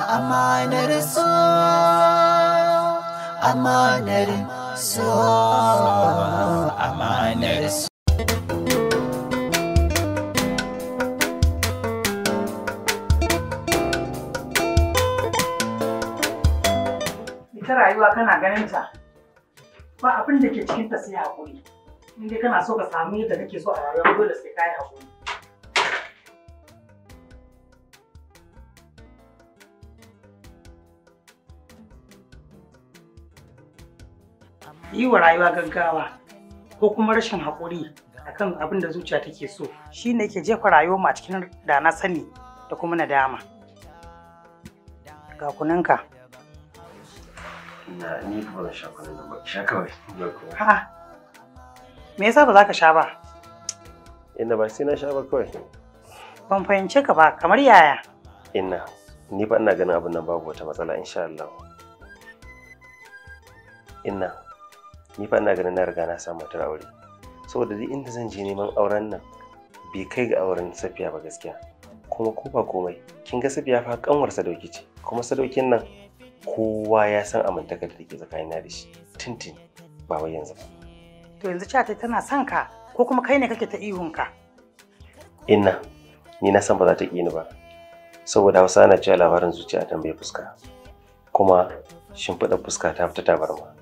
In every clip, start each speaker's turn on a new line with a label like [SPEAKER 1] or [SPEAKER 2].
[SPEAKER 1] Amanar so, amanar so, amanar so.
[SPEAKER 2] Ita rayuwa kana ganin ta, ba abin da ke cikinta sai haƙuri. Inda kana so ka samu yadda kake so a rayuwa dole sai ka yi haƙuri. yi wa rayuwa gaggawa ko kuma rashin haƙuri akan abin da zuciya take so shi ne ke jefa rayuwar ma cikin da na sani da kuma nadama ga kuninka na ni kuma na sha kwanan nan ba sha kawai ha me yasa ba za ka sha ba
[SPEAKER 3] ina ba sai na sha ba kawai
[SPEAKER 2] ban fahimce ka ba kamar yaya
[SPEAKER 3] ina ni ba ina ganin abin nan babu wata matsala insha Allah ina ni fa ina ganin na riga na samu matar aure saboda duk inda zan je neman auren nan bai kai ga auren safiya ba gaskiya kuma ko ba komai kin ga safiya fa kanwar sadauki ce kuma sadaukin nan kowa ya san amintakar da take tsakanina da shi tintin ba wai yanzu ba
[SPEAKER 2] to yanzu ta tana son ka ko kuma kai ne kake ta ihun ka
[SPEAKER 3] inna ni na san ba za ta ƙi ni ba saboda hausa na cewa labarin zuciya tambaye fuska kuma shimfiɗa fuska ta fita tabarma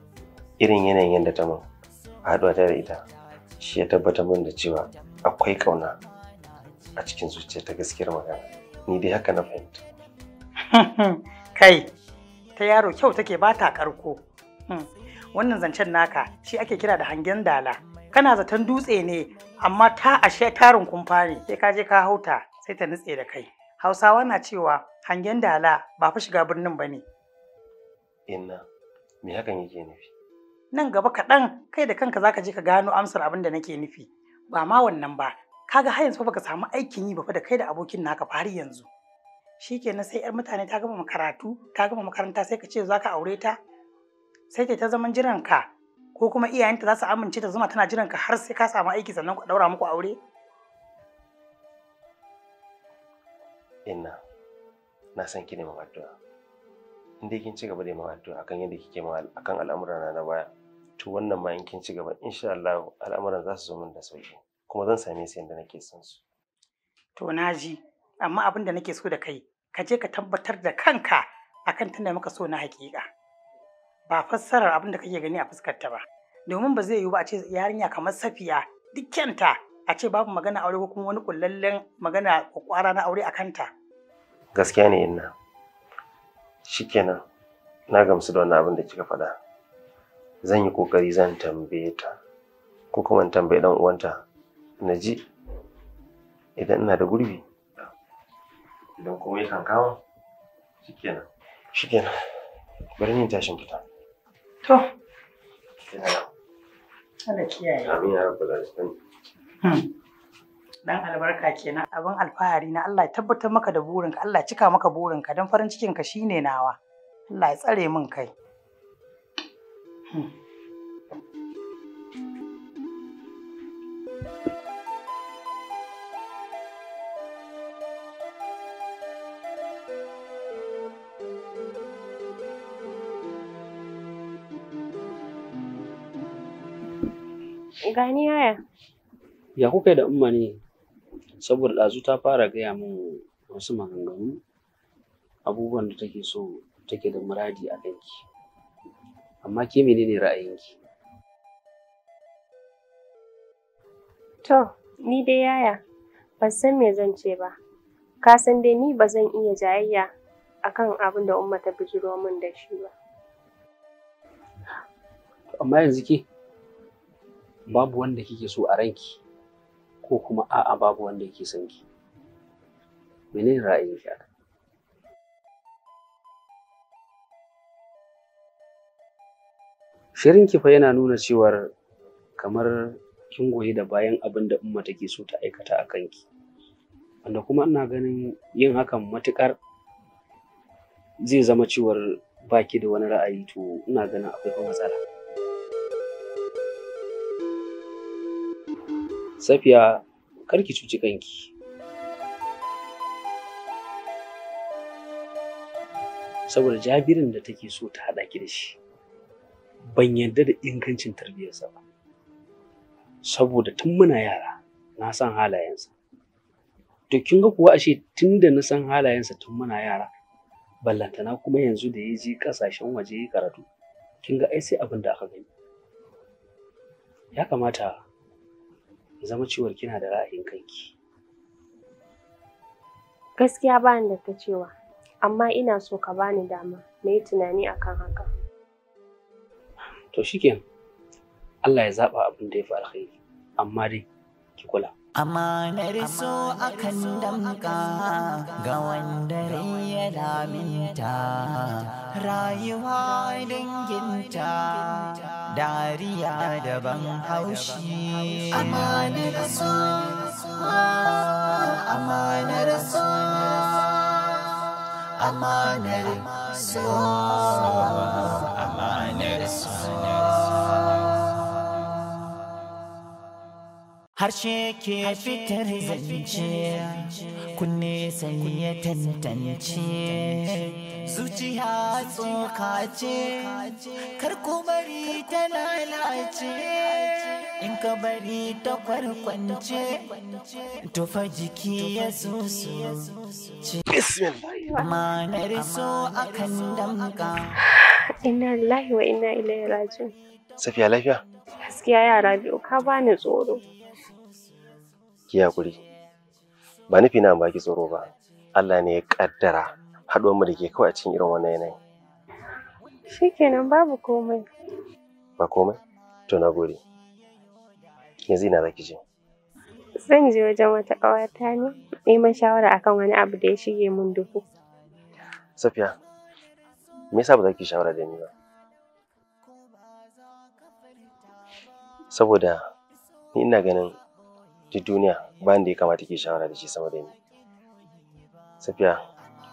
[SPEAKER 3] irin yanayin yadda ta mun haɗuwa ta da ita shi ya tabbatar min da cewa akwai ƙauna a cikin zuciya ta gaskiyar magana ni dai haka na fahimta
[SPEAKER 2] kai ta yaro kyau take ba ta karko hmm. wannan zancen naka shi ake kira da hangen dala kana zaton dutse ne amma ta ashe tarin kumfa ne sai ka je ka hauta sai ta nutse da kai hausawa na cewa hangen dala ba fa shiga birnin ba ne
[SPEAKER 3] inna me hakan yake nufi
[SPEAKER 2] nan gaba kaɗan kai da kanka za ka je ka gano amsar abin da nake nufi ba ma wannan ba Ka ga hayan yanzu baka samu aikin yi ba fa da kai da abokin naka har yanzu shikenan sai yar mutane ta gama karatu ta gama makaranta sai ka ce zaka aure ta sai ta zaman jiran ka ko kuma iyayenta za su amince ta zama tana jiran ka har sai ka samu aiki sannan ku daura muku aure
[SPEAKER 3] inna na san ki ne addu'a in kin ci gaba da yi akan yadda kike akan al'amuran na baya to wannan ma in kin ci gaba insha Allah al'amuran za su zo min da sauki kuma zan same su yadda nake
[SPEAKER 2] son su to na ji amma abin da nake so da kai ka je ka tabbatar da kanka akan tunda maka so na hakika ba fassarar abin da kake gani a fuskar ta ba domin ba zai yiwu ba a ce yarinya kamar safiya dukkanta a ce babu magana aure ko kuma wani kullallen magana kwara na aure a kanta
[SPEAKER 3] gaskiya ne inna shikenan na gamsu da wannan abin da kika faɗa zan yi kokari zan tambaye ta ko kuma in tambaye dan uwanta na ji idan ina da gurbi idan kuma yakan kama shikenan shikenan bari ni tashin fita to
[SPEAKER 2] Allah kiyaye amin
[SPEAKER 3] ya rabbal alamin hmm.
[SPEAKER 2] dan albarka kenan abin alfahari na Allah ya tabbatar maka da burinka Allah ya cika maka burinka dan farin cikin ka shine nawa Allah ya tsare min kai Hm.
[SPEAKER 4] Gani yaya.
[SPEAKER 5] Ya kuka da Umma ne? Saboda ɗazu ta fara gaya min wasu maganganu abubuwan da take so take da muradi a kanki. amma ke menene ra'ayinki
[SPEAKER 4] to ni dai yaya ban san me zan ce ba ka san dai ni ba zan iya jayayya akan abin da umma ta bijiro min da shi
[SPEAKER 1] ba
[SPEAKER 5] amma yanzu ke babu wanda kike so a ranki ko kuma a'a babu wanda yake son ki menene ra'ayinki kan shirin ki fa yana nuna cewar kamar kin goyi da bayan abin da umma take so ta aikata a kanki wanda kuma ina ganin yin hakan matukar zai zama cewar baki da wani ra'ayi to ina ganin akwai kuma matsala safiya kar ki cuci kanki saboda jabirin da take so ta haɗa ki da shi ban yarda da ingancin tarbiyyarsa ba saboda tun muna yara na san halayensa to kin ga kuwa ashe tun da na san halayensa tun muna yara ballantana kuma yanzu da ya je kasashen waje ya karatu kin ga ai sai abin da aka gani ya kamata ya zama cewar kina da ra'ayin
[SPEAKER 4] kanki gaskiya ba ni da ta cewa amma ina so ka bani dama na yi tunani akan haka
[SPEAKER 5] to shikenan Allah ya zaɓa abin da ya fi alkhairi amma dai ki kula amanar
[SPEAKER 1] so akan damka ga wanda ya laminta rayuwa danginta dariya daban haushi amanar amma amanar riso. Amane so amanar so harshe ke fitar zance kunne sai ya tantance zuciya tsoka ce kar bari ta lalace in ka bari ta kwarkwance tufa jiki ya susu manar
[SPEAKER 4] so akan damka inna lillahi wa inna ilaihi raji'un
[SPEAKER 3] safiya lafiya
[SPEAKER 4] gaskiya yara biyu ka bani tsoro
[SPEAKER 3] ki hakuri ba nufi na baki tsoro ba Allah ne ya kaddara haɗuwar mu da ke kawai a cikin irin wannan yanayi.
[SPEAKER 4] shikenan babu komai
[SPEAKER 3] ba komai to na gode yanzu ina zaki je
[SPEAKER 4] zan je wajen wata ƙawata ne neman shawara akan wani abu da ya shige mun duhu
[SPEAKER 3] safiya me yasa ba za ki shawara da ni ba saboda ni ina ganin duk duniya ba da ya kamata ke shawara da shi sama da ni safiya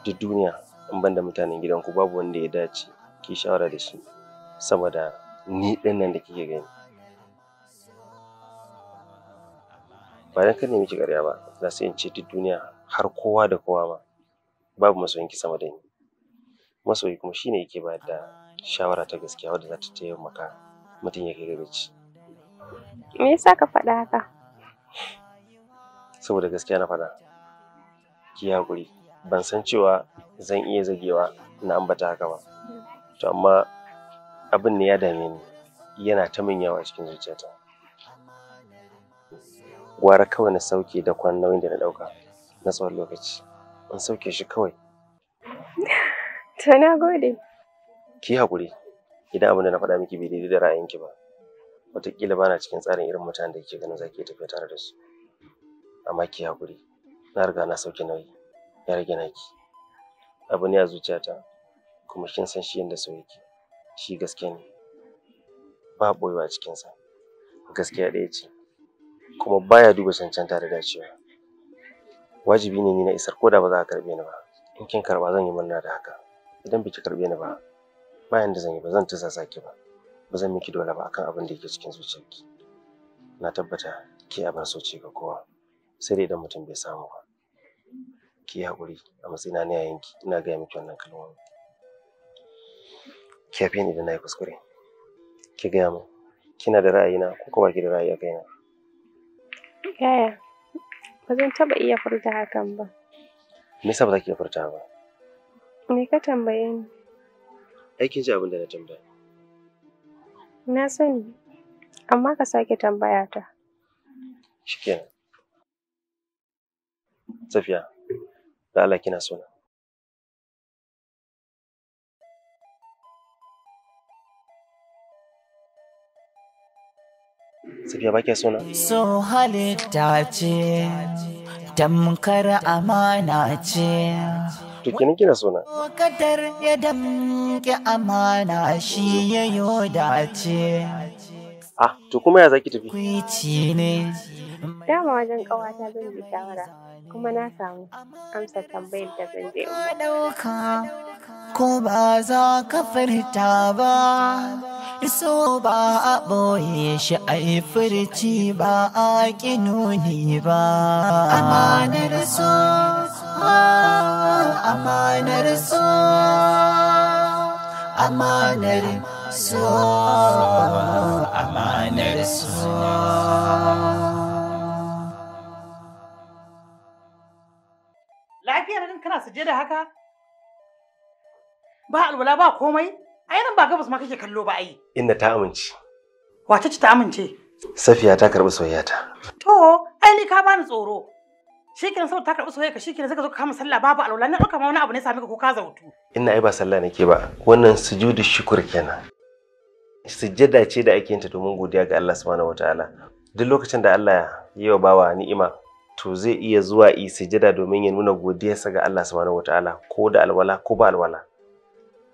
[SPEAKER 3] duk duniya in ban da mutanen gidanku babu wanda ya dace ki shawara da shi sama da ni ɗin nan da kike gani bayan kan nemi ki ƙarya ba za su yance duk duniya har kowa da kowa ma babu masoyinki sama da ni masoyi kuma shine yake ba da shawara ta gaskiya wadda za ta taimaka mutum ya kai gaci
[SPEAKER 4] me yasa ka faɗa haka
[SPEAKER 3] saboda gaskiya na faɗa ki hakuri ban san cewa zan iya zagewa na ambata haka ba to amma abin ne ya dame ni yana ta min yawa cikin zuciyata gwara kawai na sauke da kwan nauyin da na ɗauka na tsawon lokaci in sauke shi kawai
[SPEAKER 4] to na gode
[SPEAKER 3] ki hakuri idan abin da na faɗa miki bai daidai da ra'ayinki ba wataƙila ba na cikin tsarin irin mutanen da ke ganin zaki ki tafiya tare da su amma ki haƙuri na riga na sauke nauyi ya rage naki abu ne a zuciyata kuma kin san shi yadda sau yake shi gaske ne ba ɓoyewa a cikinsa gaskiya ɗaya ce kuma baya duba cancanta da dacewa wajibi ne ni na isar ko da ba za a karɓe ni ba in kin karɓa zan yi murna da haka idan biki karɓe ni ba bayan da zan yi ba zan tusa saki ba ba zan miki dole ba akan abin da
[SPEAKER 6] yake cikin zuciyarki
[SPEAKER 3] na tabbata ke abin so ce ga kowa sai dai idan mutum bai samu ba ki haƙuri a matsayina na yayinki ina gaya miki wannan kalmomi ki yafe ni da na yi kuskure ki gaya mu kina da ra'ayina ko kuma ki da ra'ayi a kaina
[SPEAKER 4] yaya ba zan taɓa iya furta hakan ba
[SPEAKER 3] me yasa ba za ki iya furta ba
[SPEAKER 4] me ka tambaye ni
[SPEAKER 3] aikin ji abin da na tambaye
[SPEAKER 4] Na sani, amma ka sake tambaya ta.
[SPEAKER 3] Shikenan. Safiya, da Allah kina so na. Safiya ba so na?
[SPEAKER 1] So halitta ce, tamkar amana ce.
[SPEAKER 3] to kenan kina sona
[SPEAKER 1] kadar ya damke amana shi ya yoda ce
[SPEAKER 3] ah to kuma ya zaki tafi kuici ne
[SPEAKER 1] dama wajen kawata zan
[SPEAKER 4] yi shawara kuma na samu amsa tambayar da zan je
[SPEAKER 1] ko ba za ka furta ba so ba a ɓoye shi a yi furci ba a ƙinoni ba amanar so amanar so amanar so amanar so
[SPEAKER 2] je da haka ba alwala ba komai ai nan ba gabas ma kake kallo ba ai
[SPEAKER 3] inna ta amince
[SPEAKER 2] wace ce ta amince
[SPEAKER 3] safiya ta karbi soyayyata
[SPEAKER 2] to ai ni ka bani tsoro shikenan saboda ta karbi soyayya shikenan sai ka zo ka kama sallah babu alwala na ɗauka ma wani abu ne sami ka ko ka zautu
[SPEAKER 3] inna ai ba sallah nake ba wannan sujudu shukur kenan sujjada ce da ake yin domin godiya ga Allah subhanahu wataala duk lokacin da Allah ya yi wa bawa ni'ima to zai iya zuwa yi sujada domin ya nuna godiyarsa ga Allah subhanahu wataala ko da alwala ko ba alwala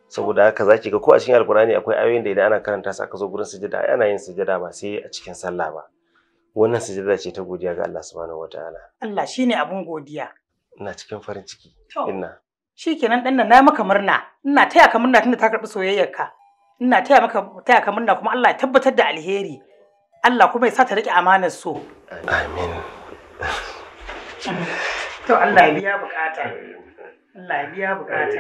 [SPEAKER 3] saboda haka zaki ga ko a cikin alqur'ani akwai ayoyin da idan ana karanta su aka zo gurin sujada ana yin sujada ba sai a cikin sallah ba wannan sujada ce ta godiya ga Allah subhanahu wataala
[SPEAKER 2] Allah shine abun godiya
[SPEAKER 3] ina cikin farin ciki
[SPEAKER 2] ina shikenan dan nan na maka murna ina taya ka murna tunda ta karbi soyayyarka ina taya maka taya ka murna kuma Allah ya tabbatar da alheri Allah kuma ya sa ta rike amanar so amin To Allah ya biya bukata. Allah ya biya bukata.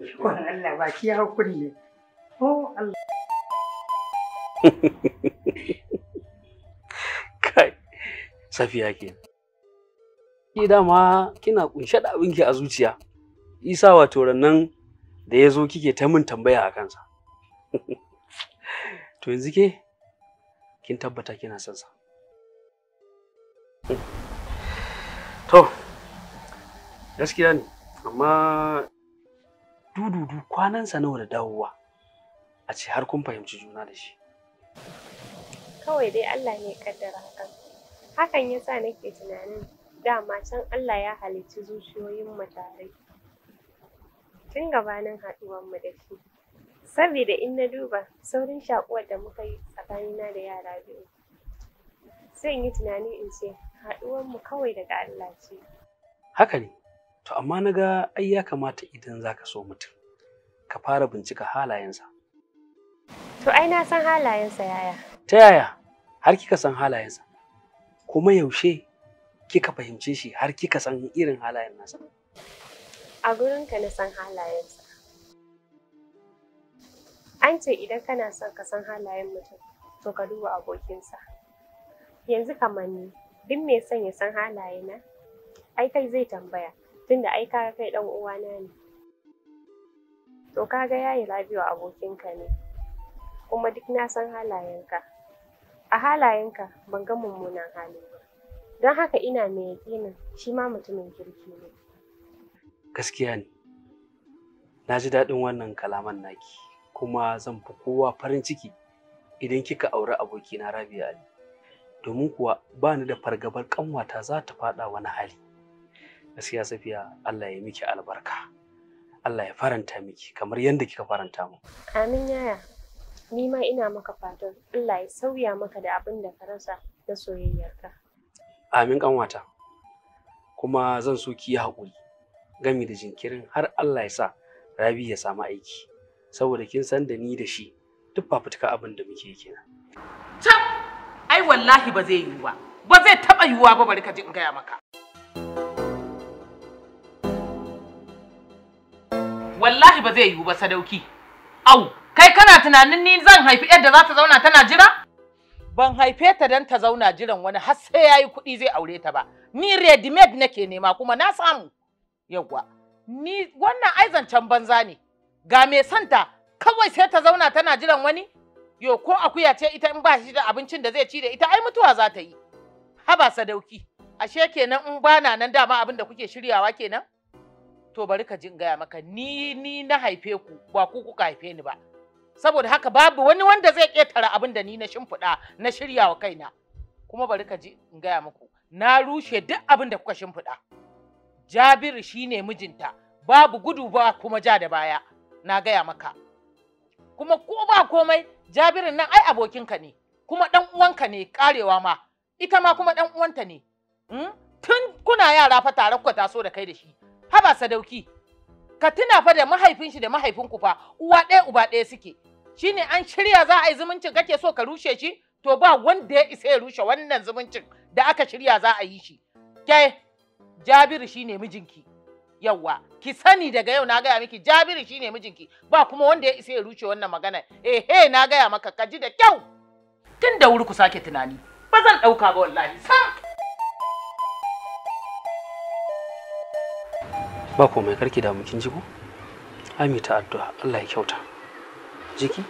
[SPEAKER 2] Shukwan Allah ba ki hakuri ne. Oh Allah.
[SPEAKER 5] Kai, safiya ke. Ki dama kina kunshe da abinki a zuciya. Isa wato rannan da ya zo kike ta min tambaya a kansa. To yanzu ke kin tabbata kina son sa. To, gaskiya ne, amma dududu kwanansa nawa da dawowa a ce har kun fahimci juna da shi.
[SPEAKER 4] Kawai dai Allah ne kaddara hakan. Hakan ya sa nake tunanin dama can Allah ya halicci zuciyoyin tare. Tun gabanin haɗuwan mu da shi. Saboda in na duba saurin shakuwar da muka yi tsakanina da yara biyu. Zan yi tunani in ce haɗuwar mu kawai daga Allah ce
[SPEAKER 5] haka ne to amma na ga ai ya kamata idan za ka so mutum ka fara bincika halayensa
[SPEAKER 4] to ai na san halayensa yaya
[SPEAKER 5] ta yaya har kika san halayensa kuma yaushe kika fahimce shi har kika san irin halayen nasa
[SPEAKER 4] a gurinka na san halayensa an ce idan kana son ka san halayen mutum to ka duba abokinsa yanzu kamar ni duk mai son ya san halaye na ai kai zai tambaya tunda ai ka kai dan uwana ne to ka kaga yayi labiwa abokinka ne kuma duk na san halayenka a halayenka ban ga mummunan hali ba don haka ina mai yakinin shi ma mutumin kirki ne
[SPEAKER 5] gaskiya ne na ji daɗin wannan kalaman naki kuma zan fi kowa farin ciki idan kika auri abokina Rabi'u Ali domin kuwa ba ni da fargabar kanwata za ta faɗa wani hali gaskiya safiya Allah ya miki albarka Allah ya faranta miki kamar yadda kika faranta mu
[SPEAKER 4] amin yaya ni ma ina maka fatan Allah ya sauya maka da abin da ka rasa na soyayyarka
[SPEAKER 5] amin kanwata kuma zan so ki yi haƙuri gami da jinkirin har Allah ya sa Rabi ya samu aiki saboda kin san da ni da shi duk fafutuka abin da muke
[SPEAKER 7] kenan. Tab! ai wallahi ba zai yiwu ba ba zai taɓa yiwuwa ba bari ka ji in gaya maka wallahi ba zai yiwu ba sadauki au kai kana tunanin ni zan haifi yadda za ta zauna tana jira ban haife ta dan ta zauna jiran wani har sai yayi kuɗi zai aure ta ba ni ready made nake nema kuma na samu yawwa ni wannan ai banza ne ga me santa kawai sai ta zauna tana jiran wani Yo ko akuya ce ita in ba shi da abincin da zai ci da ita ai mutuwa za ta yi. Haba sadauki. Ashe kenan in bana nan dama abin da kuke shiryawa kenan? To bari ka jin gaya maka ni ni na haife ku ba ku kuka haife ni ba. Saboda haka babu wani wanda zai ƙetare abin da ni na shimfiɗa na shiryawa kaina. Kuma bari ka ji in gaya muku na rushe duk abin da kuka shimfiɗa. Jabiru shine mijinta babu gudu ba kuma ja da baya na gaya maka. Kuma ko ba komai Jabirin nan ai abokinka ne, kuma ɗan uwanka ne karewa ma, ita ma kuma ɗan uwanta ne. Hmm? Tun kuna yara fa tare kuka taso da kai da shi, haba sadauki. Ka tuna fa da mahaifin shi da mahaifin ku fa uwa ɗaya uba ɗaya suke. Shine an shirya za a yi zumuncin kake so ka rushe shi, to ba wanda ya isa ya rushe wannan zumuncin da aka shirya za a yi shi. Ke, Jabiru shine mijinki. Yawwa, ki sani daga yau na gaya miki jabiru shine mijinki ba kuma wanda ya isa ya ruce wannan magana ehe na gaya maka ka ji da kyau tun da wuri ku sake tunani ba zan ɗauka ba wallahi sam
[SPEAKER 5] ba komai karki damu kin ji ko ami ta addu'a Allah ya kyauta jiki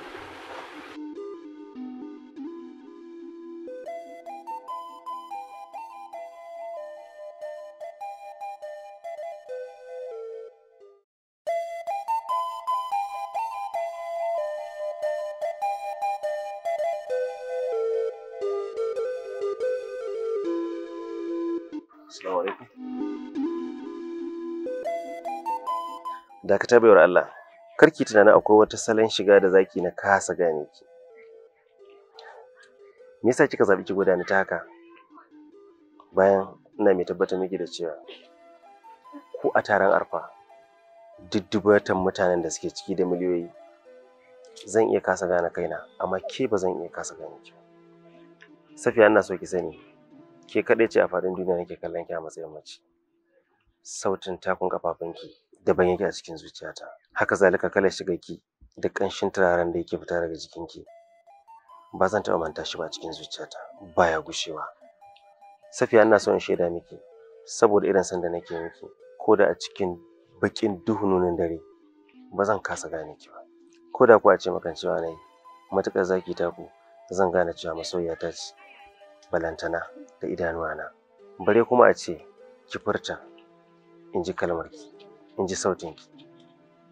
[SPEAKER 3] dakata baiwar Allah karki tunanin akwai wata salon shiga da zaki na kasa gane ki me yasa kika zabi ki gudana ta haka bayan ina mai tabbatar miki da cewa ko a taron arfa duddubatan mutanen da suke ciki da miliyoyi zan iya kasa gane kaina amma ke ba zan iya kasa gane ki safiya ina so ki sani ke kaɗai ce a faɗin duniya nake kallon ki a matsayin mace sautin takun kafafunki daban yake a cikin zuciyata haka zalika kalar ki. da ƙanshin turaren da yake fita daga jikinki ba zan taɓa manta shi ba a cikin zuciyata baya gushewa safiya ina so in shaida miki saboda irin san da nake miki ko da a cikin baƙin duhununin dare ba zan kasa gane ki ba ko da kuwa ce makan cewa nai matuƙar zaki ta ku zan gane cewa masoyiya ta ce balantana da idanuwa na. bare kuma a ce ki furta in ji ki. in ji sautin ki.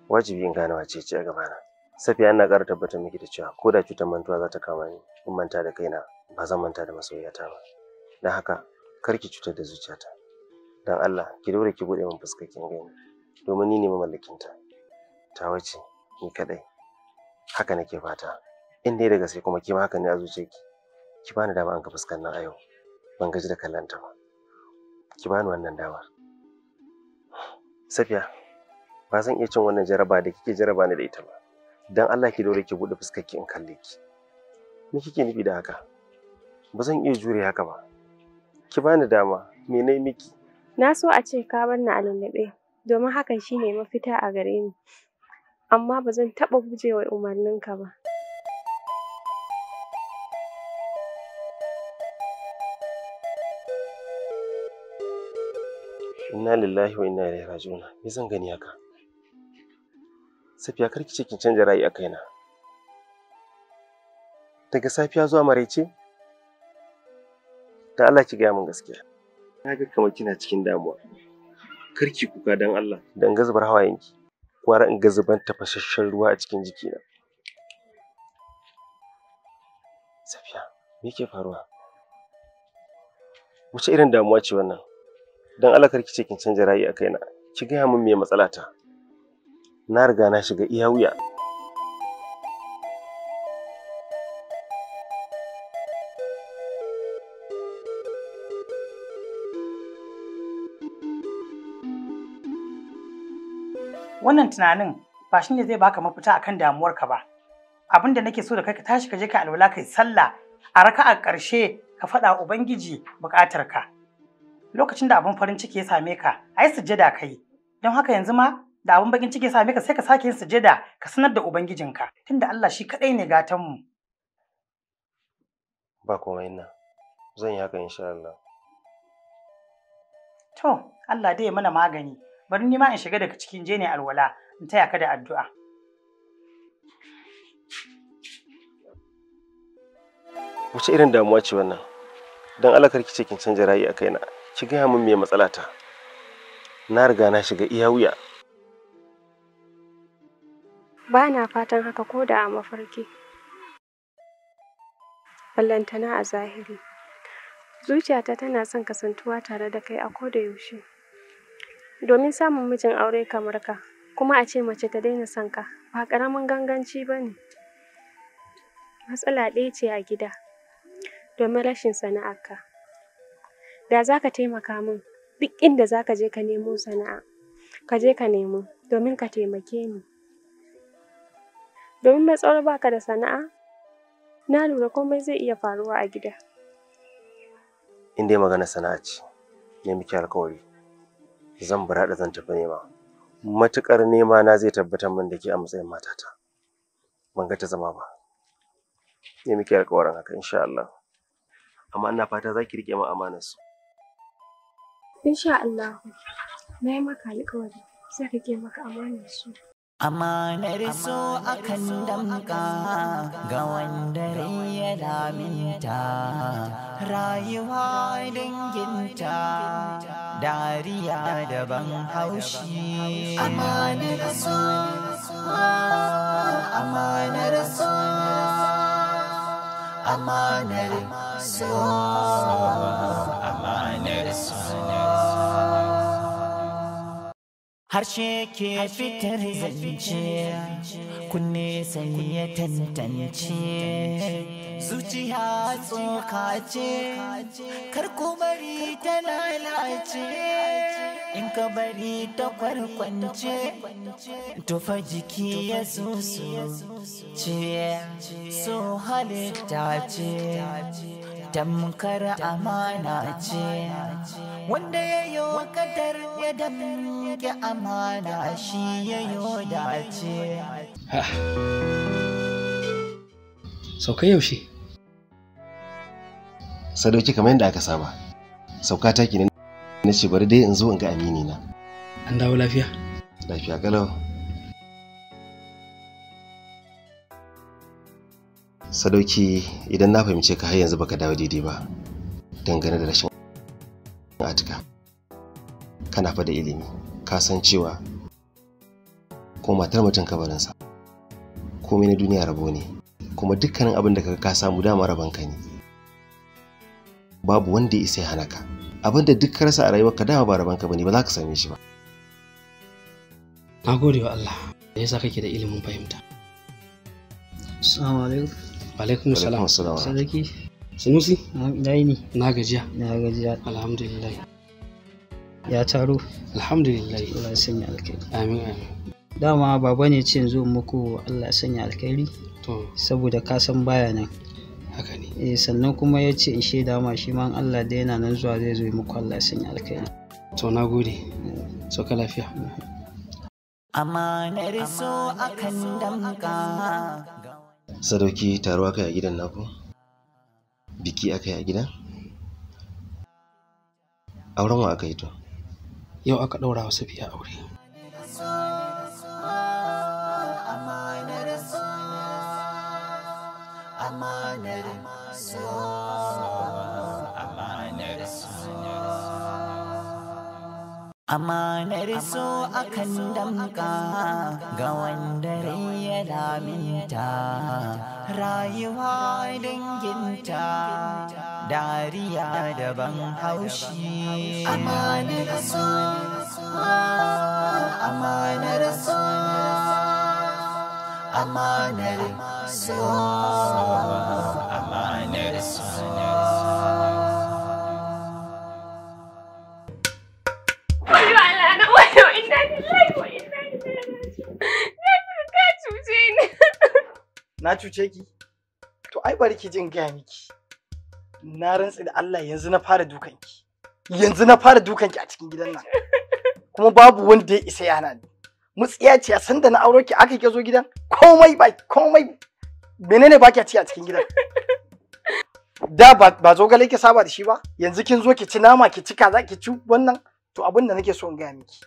[SPEAKER 3] wajibi in gane wace ce a gabana safiya ina ƙara tabbatar miki da cewa ko da cutar mantuwa za ta kama ni in manta da kaina ba zan manta da masoyata ba don haka kar ki cutar da zuciyata Dan Allah ki dora ki buɗe min fuskar kin gani domin ni ne mamallakinta ta wace ni kadai. haka nake fata in dai daga sai kuma ki ma haka ne a zuciyarki ki bani dama an ga fuskar nan a yau ban gaji da kallanta ba ki bani wannan damar Safiya, ba zan iya cin wannan jaraba da kike jaraba ni da ita ba. Dan Allah ki dore ki bude fuskarki in kalle ki. Me kike nufi da haka? Ba zan iya jure haka ba. Ki bani dama, me nayi miki?
[SPEAKER 4] Na so a ce ka bar ni a lullube, domin hakan shine mafita a gare ni. Amma ba zan taɓa gujewa umarninka ba.
[SPEAKER 3] Inna lillahi wa inna ilaihi raji'un. Me zan gani haka? Safiya karki ce kin canja ra'ayi a kaina. Daga safiya zuwa maraice? Da Allah ki gaya min gaskiya. Na ga kamar kina cikin damuwa. Karki kuka dan Allah, dan gazubar hawayenki. kwara in gazuban tafasasshen ruwa a cikin jikina. Safiya, me ke faruwa? Wace irin damuwa ce wannan? don Allah karki ce kin canja ra'ayi a kaina ki gaya min me matsala ta na riga na shiga iya wuya
[SPEAKER 2] wannan tunanin ba shi ne zai baka mafita akan damuwarka ba abin da nake so da kai ka tashi ka je ka alwala kai sallah a raka'a ƙarshe ka faɗa ubangiji buƙatarka lokacin da abin farin ciki ya same ka a yi sujjada ka yi don haka yanzu ma da abin bakin ciki ya same ka sai ka sake yin sujjada ka sanar da ubangijinka tunda Allah shi kaɗai ne gatan mu
[SPEAKER 3] ba komai na zan yi haka insha Allah
[SPEAKER 2] to Allah dai ya mana magani bari ni ma in shiga daga cikin je ne alwala in taya ka da addu'a
[SPEAKER 3] wace irin damuwa ce wannan don Allah karki ce kin canja ra'ayi a kaina ki gaya min me ta na riga na shiga iya wuya
[SPEAKER 4] ba na fatan haka ko da a mafarki ballantana a zahiri zuciyata tana son kasantuwa tare da kai a ko da yaushe domin samun mijin aure kamar ka kuma a ce mace ta daina son ka ba karamin ganganci ba ne matsala ɗaya ce a gida domin rashin sana'arka da za ka taimaka min duk inda za ka je ka nemo sana'a ka je ka nemo domin ka taimake ni domin matsawar ba ka da sana'a na lura komai zai iya faruwa a gida
[SPEAKER 3] in dai magana sana'a ce ne miki alkawari zan burada zan tafi nema matukar nema na zai tabbatar min da ke a matsayin matata ban ga ta zama ba ne miki alkawarin haka insha Allah amma ina fata za ki rike min amanar
[SPEAKER 1] su
[SPEAKER 4] Insha Allah, na yi maka alƙawari zan
[SPEAKER 1] riƙe maka amanar su. Amanar so akan damka ga wanda rai ya daminta, rayuwa danginta, dariya daban haushi. Amanar so, ah, amanar so. amanar so amanar harshe ke fitar zance kunne sai ya tantance zuciya tsoka ce kar ku bari ta lalace in ka bari ta kwarkwance tufa jiki ya susu ce so halitta ce tamkar amana ce wanda ya yi kadar ya damke amana shi ya yi dace
[SPEAKER 5] sauka
[SPEAKER 3] yaushe sadauki kamar yadda aka saba sauka taki ne na ce bari dai in zo in ga amini na an dawo lafiya lafiya kalau sadauki idan na fahimce ka har yanzu baka dawo daidai ba dangane da rashin atika kana fa da ilimi ka san cewa ko matar mutum kabarinsa komai na duniya rabo ne kuma dukkanin abin da kaga ka samu dama rabon ka ne babu wanda ya isa hana ka abin da duk rasa a rayuwarka dama ba rabon ka bane ba za ka same shi ba
[SPEAKER 5] na gode wa Allah da yasa kake da ilimin fahimta
[SPEAKER 1] assalamu
[SPEAKER 5] alaikum wa alaikum assalam sadaki sunusi na gajiya na gajiya alhamdulillah ya taro alhamdulillah Allah ya sanya alkhairi amin amin dama baba ne ce zo muku Allah ya sanya alkhairi saboda ka san baya nan eh, sannan kuma ya ce in shaida ma shi ma Allah da yana nan zuwa zai zo yi muku Allah sun alkai to na gode eh. so ka lafiya
[SPEAKER 1] amanar so akan damka
[SPEAKER 3] sadauki taro aka yi a gidan naku biki aka yi a gidan
[SPEAKER 5] auren wa aka yi to yau aka ɗaura wasu biya aure
[SPEAKER 1] amanar so amanar so amanar so akan damka ga wanda ya daminta, rayuwa danginta dariya daban haushi amanar so ah, amanar so amanar su amanar
[SPEAKER 6] na cuce ki to ai bari ki jin gaya miki na rantsi da Allah yanzu na fara dukanki yanzu na fara a cikin gidan nan kuma babu wanda ya isa yana ni ce a sanda na auro ki aka ke zo gidan komai ba komai menene ba ki ci a cikin gidan da ba zogale ki saba da shi ba yanzu kin zo ki ci nama ki cika zaki ki ci wannan to abin da nake so in gaya miki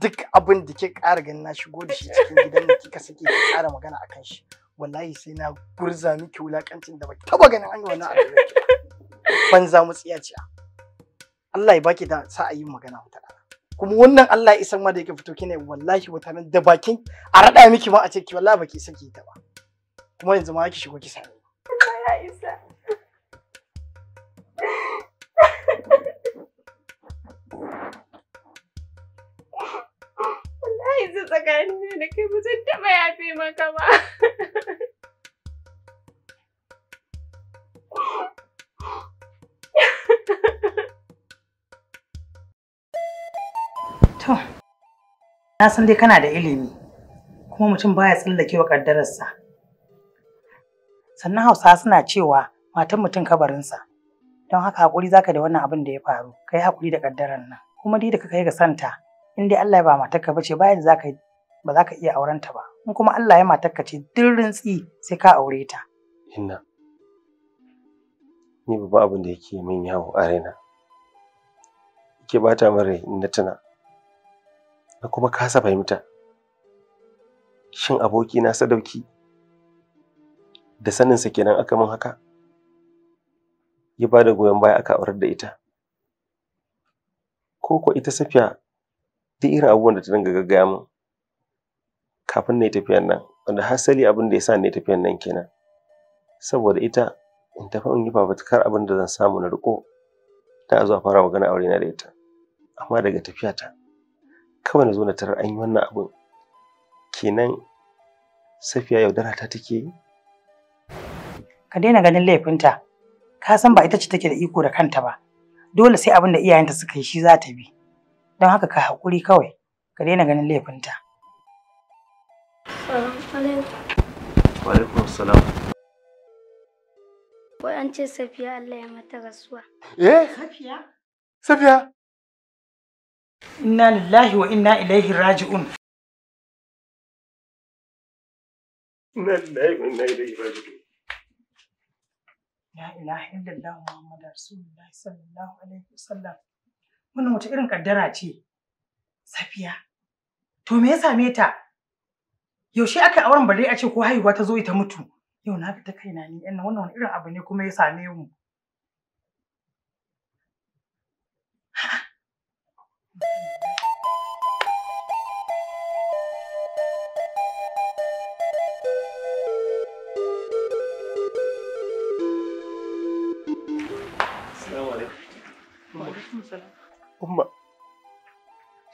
[SPEAKER 6] duk abin da ke ƙara ganin na shigo da shi cikin gidan da kika sake ki ƙara magana akan shi wallahi sai na gurza miki wulakancin da baki taba ganin an yi wannan a rayuwarki banza ci Allah ya baki da sa'ayin magana wata kuma wannan Allah ya isar ma da yake fito kine wallahi wata nan da bakin a rada miki ma a ce ki wallahi baki saki ta ba kuma yanzu ma ki shigo ki sa ya isa wallahi
[SPEAKER 4] zai tsakanin ne da kai ba zan
[SPEAKER 7] taba yafe maka ba
[SPEAKER 1] To, na san
[SPEAKER 2] dai kana da ilimi, kuma mutum baya tsallake wa ƙaddararsa. Sannan Hausa suna cewa matan mutum kabarinsa, don haka hakuri zaka da wannan abin da ya faru, kai haƙuri da kaddarar nan. Kuma dai da ka kai ga santa, in dai Allah ya ba matarka bace bayan da zaka ba za ka iya aurenta ba. In kuma Allah ya matarka ce duk rintsi sai ka aure ta.
[SPEAKER 3] Inna, ni babba abin da yake min yawo a raina. Ke bata min rai in na tuna. na kuma kasa fahimta shin aboki na sadauki da saninsa kenan aka min haka ya ba da goyon baya aka aurar da ita ko ko ita safiya duk irin abubuwan da ta dinga gaggaya min kafin na yi tafiyan nan wanda hasali abin da ya sa na yi tafiyan nan kenan saboda ita in tafi in yi fafutukar abin da zan samu na riko ta a zuwa fara magana aure na da ita amma daga tafiyata kawai na zo na tarar an yi wannan abin kenan safiya yaudara ta take yi
[SPEAKER 2] ka daina ganin laifinta ka san ba ita ce take da iko da kanta ba dole sai abin da iyayenta suka yi shi za ta bi don haka ka haƙuri kawai ka daina ganin laifinta
[SPEAKER 3] Walaikun salam.
[SPEAKER 2] Wai an ce Safiya Allah ya mata rasuwa. Eh? Safiya?
[SPEAKER 7] Safiya? Inna lillahi wa inna ilaihi raji'un.
[SPEAKER 5] Inna lillahi wa inna ilaihi raji'un.
[SPEAKER 2] La ilaha illallah Muhammadu Rasulullah sallallahu alaihi wasallam. Wannan wata irin kaddara ce. Safiya. To me ya same ta? Yaushe aka auren bare a ce ko haihuwa ta zo ita mutu? Yau na fita kaina ni, wannan wani irin abu ne kuma ya same mu.
[SPEAKER 3] Umma,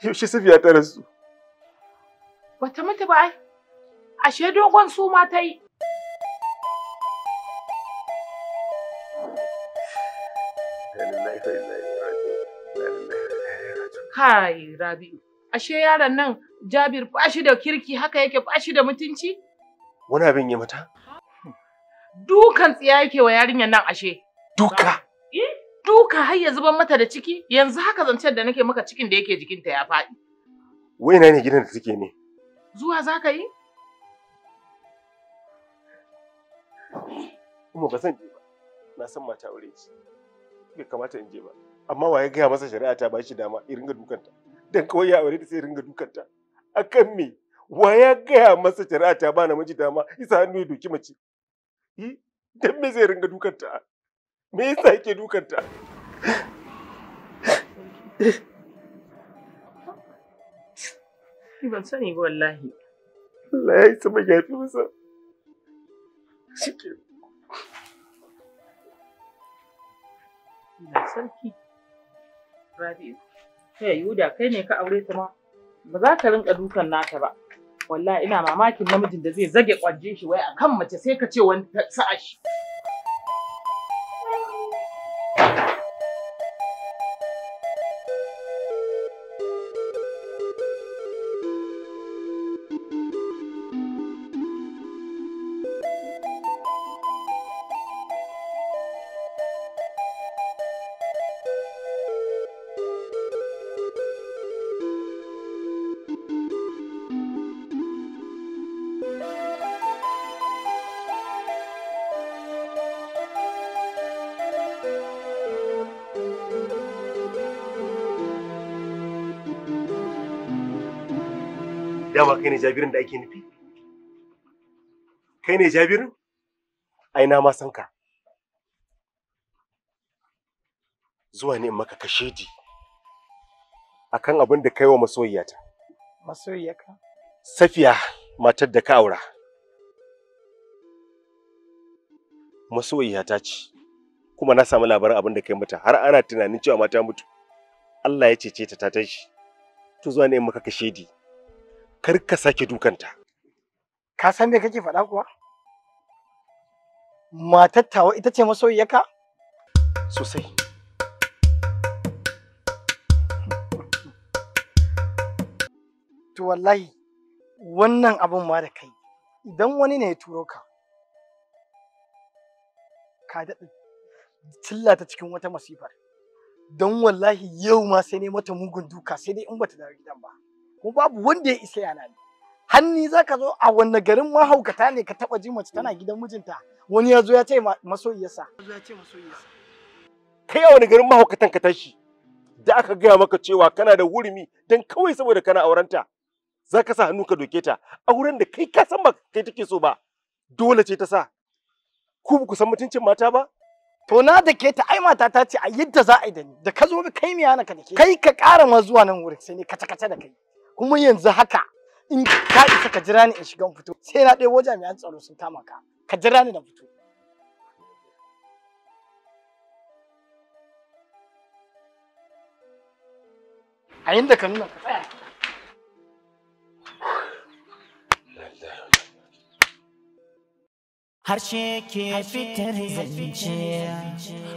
[SPEAKER 3] yaushe ya ta rasu?
[SPEAKER 7] Bata mutu ba ai, ashe dogon su ma ta yi. Kai Rabi'u, ashe yaran nan Jabir bashi da kirki haka yake bashi da mutunci?
[SPEAKER 3] Wani abin yi mata?
[SPEAKER 7] Dukan tsiya yake wa yarinyar nan ashe. Duka? duka har ya zuban mata da ciki yanzu haka zancen da nake maka cikin da yake jikinta ya faɗi.
[SPEAKER 3] Wai ina ne gidan da take ne?
[SPEAKER 7] Zuwa za ka yi?
[SPEAKER 3] Kuma ba zan je ba, na san mata aure ce. Bai kamata in je ba. Amma waye gaya masa shari'a ta bashi dama ya ringa dukanta. Dan kawai ya aure ta sai ringa dukanta. Akan me? Waye gaya masa shari'a ta ba namiji dama isa hannu ya doki mace. Dan me zai ringa dukanta? me yasa yake dukanta ban sani ba wallahi
[SPEAKER 5] Allah ya yi sama gafi masa shike
[SPEAKER 7] sarki Rabi'u kai Yuda kai ne ka aure ta ma ba za ka rinka dukan nata ba wallahi ina mamakin namijin da zai zage kwanje shi wai akan mace sai ka ce wani sa'a shi
[SPEAKER 3] dama kai ne jabirin da ake nufi kai ne jabirin ai na ma san ka zuwa ne in maka kashedi akan abin da kai wa masoyiyata
[SPEAKER 6] masoyiyaka
[SPEAKER 3] safiya matar da ka aura masoyiyata ce kuma na samu labarin abin da kai mata har ana tunanin cewa mata mutu Allah ya cece ta ta tashi to zuwa ne in maka kashedi kar ka sake dukanta.
[SPEAKER 6] Ka san me kake faɗa kuwa? Matar tawa ita ce masoyiyarka? Sosai. To wallahi wannan abin ma da kai idan wani ne ya turo ka, ka daɗa cilla ta cikin wata masifar. Don wallahi yau ma sai ne mata mugun duka sai dai in bata dawo gidan ba. ko babu wanda ya isa yana ne hanni zaka zo a wanne garin mahaukata ne ka taba ji mace tana gidan mijinta wani ya zo ya ce masoyiyarsa kai a wani garin mahaukatan ka tashi
[SPEAKER 3] da aka gaya maka cewa kana da wurmi dan kawai saboda kana aurenta zaka sa hannu ka doke ta wurin da kai ka san ba kai take so ba dole ce ta sa
[SPEAKER 6] ku ku san mutuncin mata ba to na da ke ta ai mata ta ce a yadda za a yi da ni da ka zo kai me yana ka da ke kai ka ƙara ma zuwa nan wurin sai ne kace kace da kai kuma yanzu haka in ka isa ka jira ni in shiga fito sai na wajen jami'an tsaro sun kama ka ka jira ni na fito a yadda ka nuna ka tsaya harshe
[SPEAKER 1] ke fitar zance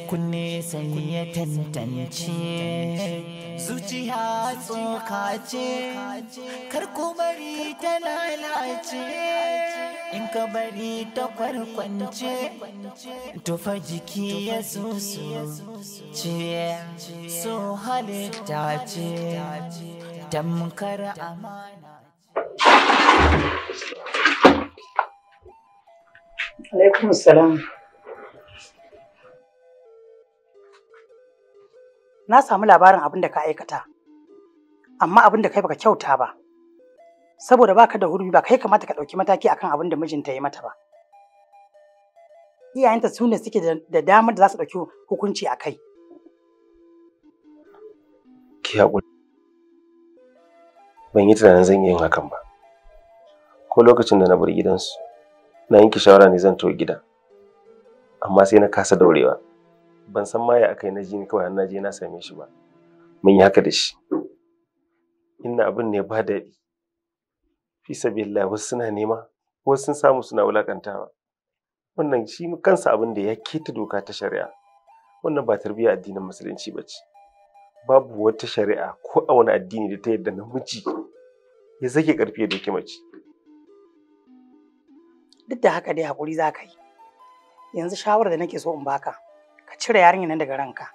[SPEAKER 1] kunne sai tantance zuciya tsoka ce kar ku bari ta lalace in ka bari ta kwarkwance tufa jiki ya susu ce so halitta ce tamkar amana
[SPEAKER 7] alaikum salam
[SPEAKER 2] na samu labarin abin da ka aikata amma abin da kai baka kyauta ba saboda baka da hurbi ba kai kamata ka ɗauki mataki akan abin da mijinta ya mata ba iyayenta su ne suke da damar da za su ɗauki hukunci a kai
[SPEAKER 3] ki haƙuri ban yi tunanin zan iya yin hakan ba ko lokacin da na bar gidansu na yanke shawara ne zan to gida amma sai na kasa daurewa ban san ma ya aka na ji ni kawai na je na same shi ba mun yi haka da shi inna abin ne ba daɗi fi sabilillah wasu suna nema wasu sun samu suna wulakantawa wannan shi kansa abin da ya keta doka ta shari'a wannan ba tarbiyya addinin musulunci ba ce babu wata shari'a ko a wani addini da ta yadda namiji ya zake karfi da mace
[SPEAKER 2] duk da haka dai hakuri za ka yi yanzu shawarar da nake so in baka ka cire yarinyar nan daga ranka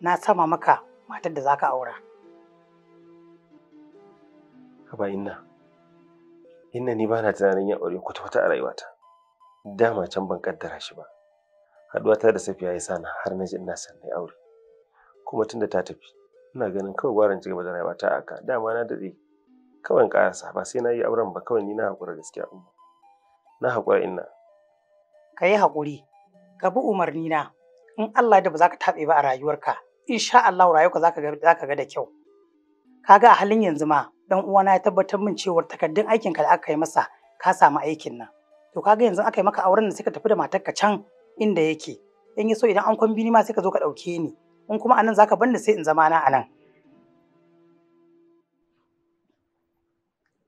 [SPEAKER 2] na sama maka matar da za ka aura
[SPEAKER 3] haba inna inna ni ba na tunanin ya aure kwata-kwata a rayuwata dama can ban kaddara shi ba haɗuwata da safiya ya sa na har na ji ina son na aure kuma tunda ta tafi ina ganin kawai gwaran ci gaba da rayuwata a Da dama na daɗe kawai ƙarasa ba sai na yi auren ba kawai ni na haƙura gaskiya na haƙura inna
[SPEAKER 2] ka yi haƙuri ka bi umarni na in Allah da ba za ka taɓe ba a rayuwarka insha Allah rayuwarka za ka ga za ka ga da kyau kaga a halin yanzu ma dan uwana ya tabbatar min cewa takardun aikin ka da aka yi masa ka samu aikin nan to kaga yanzu aka yi maka auren da sai ka tafi da matarka can inda yake in yaso idan an kwambi ma sai ka zo ka ɗauke ni in kuma anan zaka banda sai in zama na anan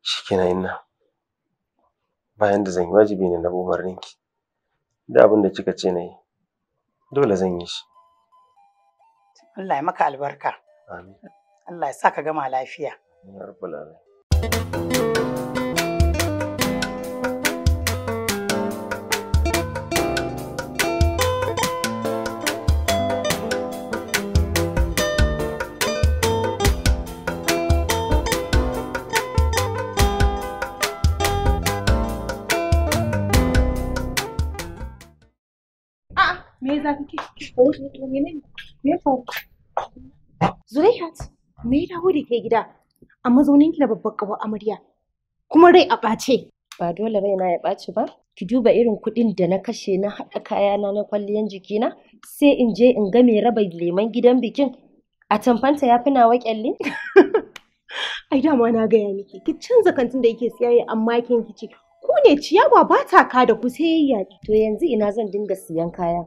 [SPEAKER 3] shikenan inna bayan da zan yi wajibi ne na umarninki Da abin da kika ce na yi dole zan yi shi.
[SPEAKER 2] Allah ya maka albarka. Amin. Allah ya sa ka gama lafiya.
[SPEAKER 3] Ya rabbal alamin.
[SPEAKER 4] za me
[SPEAKER 8] ya faru Zulaihat me ya ke gida a mazaunin ki da babbar kawo amarya kuma rai a ɓace ba dole raina ya ɓaci ba ki duba irin kuɗin da na kashe na haɗa kayana na kwalliyan jikina sai in je in ga mai raba leman gidan bikin a tamfanta ya fi nawa kyalli ai dama na gaya miki ki canza kantin da yake siyayya amma kin kici ku ne ciyawa ba ta ka da ku sai to yanzu ina zan dinga siyan kaya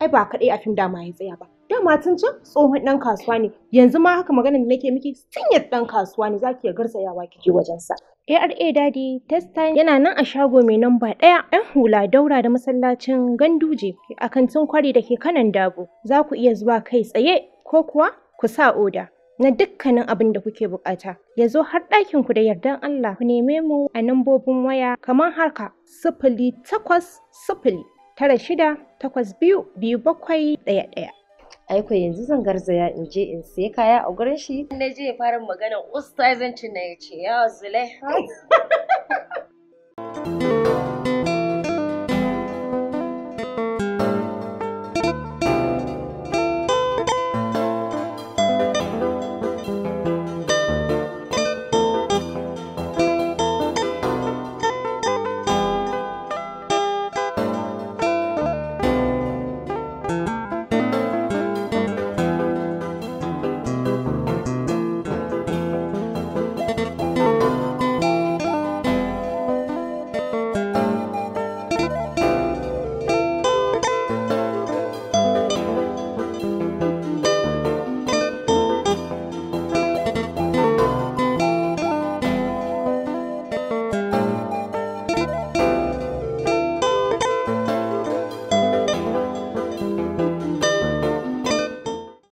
[SPEAKER 8] ai ba kaɗai a fim dama ya tsaya ba dama tun can tsohon ɗan kasuwa ne yanzu ma haka magana da nake miki sinyar ɗan kasuwa ne zaki ya garzayawa kike wajen sa ARA Daddy test time yana nan a shago mai namba ɗaya ɗan hula daura da masallacin ganduje a kantin kwari da ke kanan dago za ku iya zuwa kai tsaye ko kuwa ku sa oda na dukkanin abin da kuke bukata ya zo har ɗakin ku da yardan Allah ku neme mu a nambobin waya kamar haka, sifili takwas sifili tara shida takwas biyu biyu bakwai ɗaya ɗaya. Aiko yanzu zan garzaya in je in siya kaya a gurin shi. Na je ya fara magana ustazancin na ya ce yawa zule.